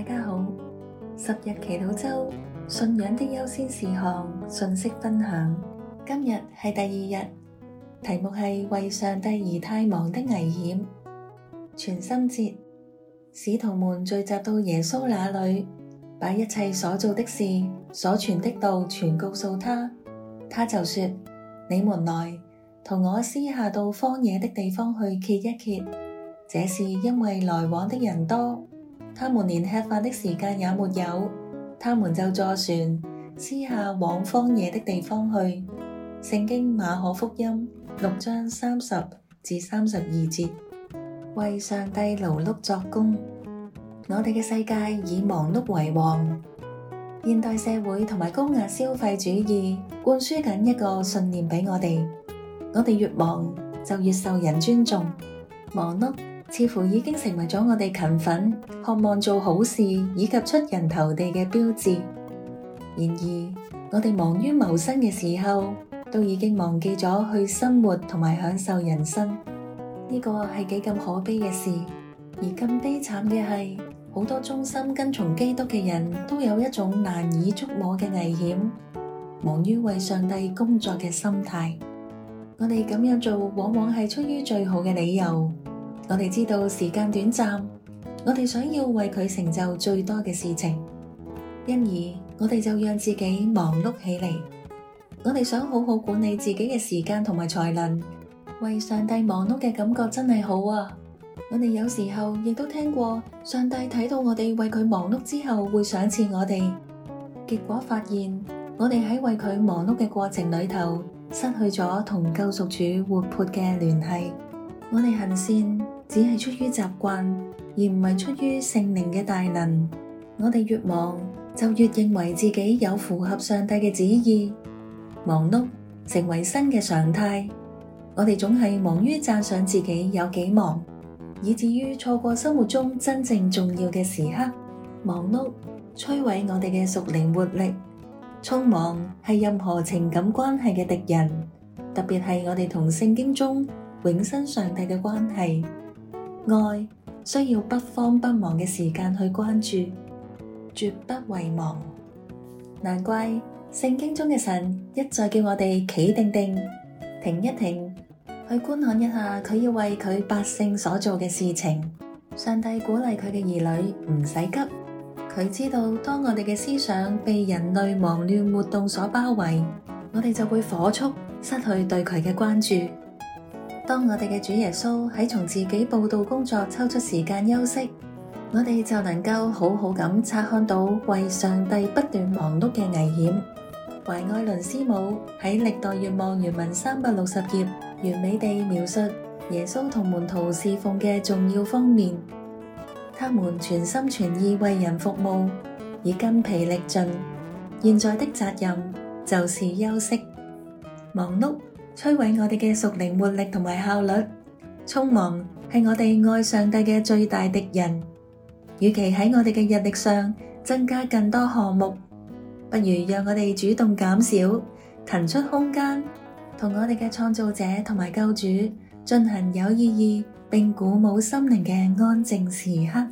大家好，十日祈禱周，信仰的優先事項，信息分享。今日係第二日，題目係為上帝而太忙的危險。全心節，使徒們聚集到耶穌那裏，把一切所做的事、所傳的道全告訴他。他就說：你們來同我私下到荒野的地方去歇一歇。這是因為來往的人多。他們連吃飯的時間也沒有，他們就坐船，私下往荒野的地方去。聖經馬可福音六章三十至三十二節，為上帝勞碌作工。我哋嘅世界以忙碌為王，現代社會同埋高壓消費主義灌輸緊一個信念俾我哋：我哋越忙就越受人尊重，忙碌，似乎已經成為咗我哋勤奮、渴望做好事以及出人頭地嘅標誌。然而，我哋忙於謀生嘅時候，都已經忘記咗去生活同埋享受人生。呢、這個係幾咁可悲嘅事。而更悲慘嘅係，好多忠心跟從基督嘅人都有一種難以捉摸嘅危險。忙於為上帝工作嘅心態，我哋咁樣做往往係出於最好嘅理由。我哋知道時間短暫，我哋想要為佢成就最多嘅事情，因而我哋就讓自己忙碌起嚟。我哋想好好管理自己嘅時間同埋才能，為上帝忙碌嘅感覺真係好啊！我哋有時候亦都聽過上帝睇到我哋為佢忙碌之後會賞賜我哋，結果發現我哋喺為佢忙碌嘅過程裏頭失去咗同救贖主活潑嘅聯繫，我哋行善，只係出於習慣，而唔係出於聖靈嘅大能。我哋越忙，就越認為自己有符合上帝嘅旨意。忙碌成為新嘅常態，我哋總係忙於讚賞自己有幾忙，以至於錯過生活中真正重要嘅時刻。忙碌摧毀我哋嘅屬靈活力，匆忙係任何情感關係嘅敵人，特別係我哋同聖經中永生上帝嘅關係。愛需要不慌不忙嘅時間去關注，絕不遺忘。難怪聖經中嘅神一再叫我哋企定定、停一停，去觀看一下佢要為佢百姓所做嘅事情。上帝鼓勵佢嘅兒女唔使急，佢知道當我哋嘅思想被人類忙亂活動所包圍，我哋就會火速失去對佢嘅關注。當我哋嘅主耶穌喺從自己布道工作抽出時間休息，我哋就能夠好好咁察看到為上帝不斷忙碌嘅危險。懷愛倫師母喺歷代願望原文三百六十頁完美地描述耶穌同門徒侍奉，嘅重要方面，他們全心全意為人服務以筋疲力盡，現在的責任就是休息、忙碌。摧毀我哋嘅屬靈活力同埋效率，匆忙係我哋愛上帝嘅最大敵人。與其喺我哋嘅日曆上增加更多項目，不如讓我哋主動減少，騰出空間，同我哋嘅創造者同埋救主進行有意義並鼓舞心靈嘅安靜時刻。